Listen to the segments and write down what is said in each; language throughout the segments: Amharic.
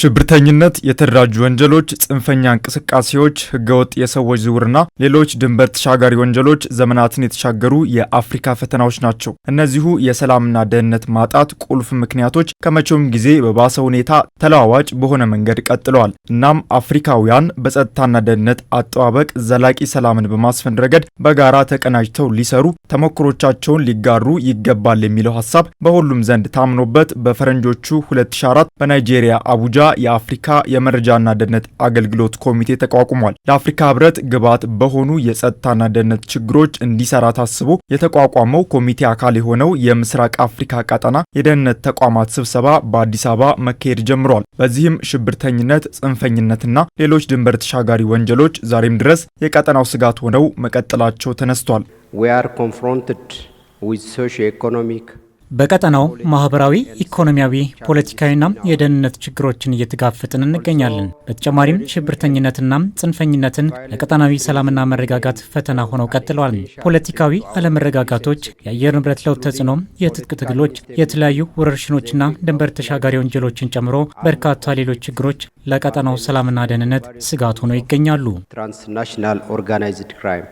ሽብርተኝነት፣ የተደራጁ ወንጀሎች፣ ጽንፈኛ እንቅስቃሴዎች፣ ህገወጥ የሰዎች ዝውውርና ሌሎች ድንበር ተሻጋሪ ወንጀሎች ዘመናትን የተሻገሩ የአፍሪካ ፈተናዎች ናቸው። እነዚሁ የሰላምና ደህንነት ማጣት ቁልፍ ምክንያቶች ከመቼውም ጊዜ በባሰ ሁኔታ ተለዋዋጭ በሆነ መንገድ ቀጥለዋል። እናም አፍሪካውያን በጸጥታና ደህንነት አጠባበቅ ዘላቂ ሰላምን በማስፈን ረገድ በጋራ ተቀናጅተው ሊሰሩ፣ ተሞክሮቻቸውን ሊጋሩ ይገባል የሚለው ሀሳብ በሁሉም ዘንድ ታምኖበት በፈረንጆቹ 2004 በናይጄሪያ አቡጃ የአፍሪካ የመረጃና ደህንነት አገልግሎት ኮሚቴ ተቋቁሟል። ለአፍሪካ ህብረት ግብዓት በሆኑ የጸጥታና ደህንነት ችግሮች እንዲሰራ ታስቦ የተቋቋመው ኮሚቴ አካል የሆነው የምስራቅ አፍሪካ ቀጠና የደህንነት ተቋማት ስብሰባ በአዲስ አበባ መካሄድ ጀምሯል። በዚህም ሽብርተኝነት፣ ጽንፈኝነትና ሌሎች ድንበር ተሻጋሪ ወንጀሎች ዛሬም ድረስ የቀጠናው ስጋት ሆነው መቀጠላቸው ተነስቷል። በቀጠናው ማህበራዊ፣ ኢኮኖሚያዊ፣ ፖለቲካዊና የደህንነት ችግሮችን እየተጋፈጥን እንገኛለን። በተጨማሪም ሽብርተኝነትና ጽንፈኝነትን ለቀጠናዊ ሰላምና መረጋጋት ፈተና ሆነው ቀጥለዋል። ፖለቲካዊ አለመረጋጋቶች፣ የአየር ንብረት ለውጥ ተጽዕኖ፣ የትጥቅ ትግሎች፣ የተለያዩ ወረርሽኖችና ድንበር ተሻጋሪ ወንጀሎችን ጨምሮ በርካታ ሌሎች ችግሮች ለቀጠናው ሰላምና ደህንነት ስጋት ሆነው ይገኛሉ። ትራንስናሽናል ኦርጋናይዝድ ክራይም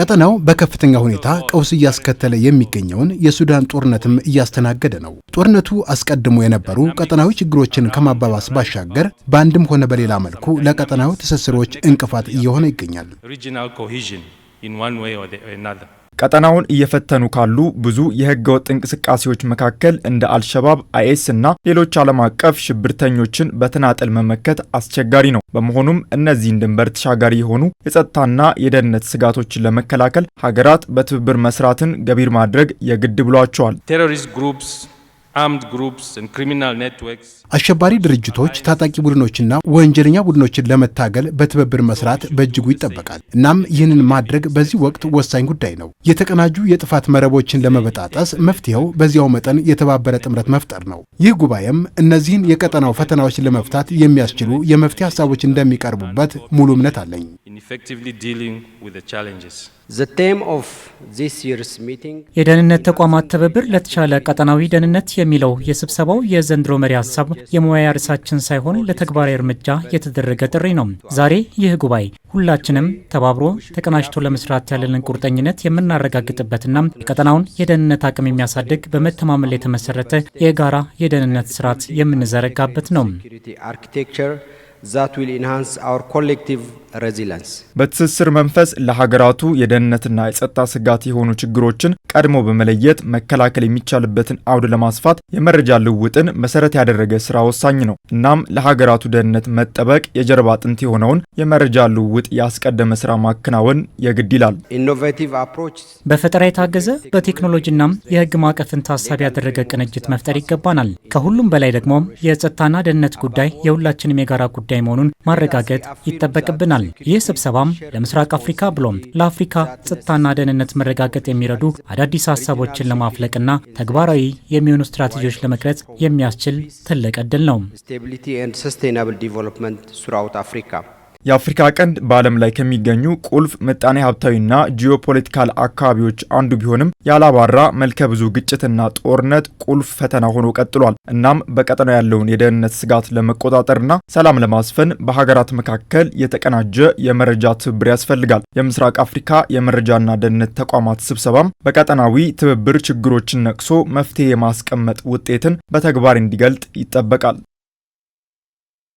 ቀጠናው በከፍተኛ ሁኔታ ቀውስ እያስከተለ የሚገኘውን የሱዳን ጦርነትም እያስተናገደ ነው። ጦርነቱ አስቀድሞ የነበሩ ቀጠናዊ ችግሮችን ከማባባስ ባሻገር በአንድም ሆነ በሌላ መልኩ ለቀጠናዊ ትስስሮች እንቅፋት እየሆነ ይገኛል። ቀጠናውን እየፈተኑ ካሉ ብዙ የህገወጥ እንቅስቃሴዎች መካከል እንደ አልሸባብ፣ አይኤስ እና ሌሎች ዓለም አቀፍ ሽብርተኞችን በተናጠል መመከት አስቸጋሪ ነው። በመሆኑም እነዚህን ድንበር ተሻጋሪ የሆኑ የጸጥታና የደህንነት ስጋቶችን ለመከላከል ሀገራት በትብብር መስራትን ገቢር ማድረግ የግድ ብሏቸዋል። አሸባሪ ድርጅቶች ታጣቂ ቡድኖችና ወንጀለኛ ቡድኖችን ለመታገል በትብብር መስራት በእጅጉ ይጠበቃል። እናም ይህንን ማድረግ በዚህ ወቅት ወሳኝ ጉዳይ ነው። የተቀናጁ የጥፋት መረቦችን ለመበጣጠስ መፍትሄው በዚያው መጠን የተባበረ ጥምረት መፍጠር ነው። ይህ ጉባኤም እነዚህን የቀጠናው ፈተናዎች ለመፍታት የሚያስችሉ የመፍትሄ ሀሳቦች እንደሚቀርቡበት ሙሉ እምነት አለኝ። የደህንነት ተቋማት ትብብር ለተሻለ ቀጠናዊ ደህንነት የሚለው የስብሰባው የዘንድሮ መሪ ሀሳብ የሙያ ርዕሳችን ሳይሆን ለተግባራዊ እርምጃ የተደረገ ጥሪ ነው። ዛሬ ይህ ጉባኤ ሁላችንም ተባብሮ ተቀናጅቶ ለመስራት ያለንን ቁርጠኝነት የምናረጋግጥበትና የቀጠናውን የደህንነት አቅም የሚያሳድግ በመተማመን ላይ የተመሰረተ የጋራ የደህንነት ስርዓት የምንዘረጋበት ነው። ሬዚላንስ በትስስር መንፈስ ለሀገራቱ የደህንነትና የጸጥታ ስጋት የሆኑ ችግሮችን ቀድሞ በመለየት መከላከል የሚቻልበትን አውድ ለማስፋት የመረጃ ልውውጥን መሰረት ያደረገ ስራ ወሳኝ ነው። እናም ለሀገራቱ ደህንነት መጠበቅ የጀርባ አጥንት የሆነውን የመረጃ ልውውጥ ያስቀደመ ስራ ማከናወን የግድ ይላል። በፈጠራ የታገዘ በቴክኖሎጂና የህግ ማዕቀፍን ታሳቢ ያደረገ ቅንጅት መፍጠር ይገባናል። ከሁሉም በላይ ደግሞ የጸጥታና ደህንነት ጉዳይ የሁላችንም የጋራ ጉዳይ መሆኑን ማረጋገጥ ይጠበቅብናል። ተገኝተዋል። ይህ ስብሰባም ለምስራቅ አፍሪካ ብሎም ለአፍሪካ ጸጥታና ደህንነት መረጋገጥ የሚረዱ አዳዲስ ሀሳቦችን ለማፍለቅና ተግባራዊ የሚሆኑ ስትራቴጂዎች ለመቅረጽ የሚያስችል ትልቅ ዕድል ነው። የአፍሪካ ቀንድ በዓለም ላይ ከሚገኙ ቁልፍ ምጣኔ ሀብታዊና ጂኦፖለቲካል አካባቢዎች አንዱ ቢሆንም ያላባራ መልከ ብዙ ግጭትና ጦርነት ቁልፍ ፈተና ሆኖ ቀጥሏል። እናም በቀጠናው ያለውን የደህንነት ስጋት ለመቆጣጠርና ሰላም ለማስፈን በሀገራት መካከል የተቀናጀ የመረጃ ትብብር ያስፈልጋል። የምስራቅ አፍሪካ የመረጃና ደህንነት ተቋማት ስብሰባም በቀጠናዊ ትብብር ችግሮችን ነቅሶ መፍትሄ የማስቀመጥ ውጤትን በተግባር እንዲገልጥ ይጠበቃል።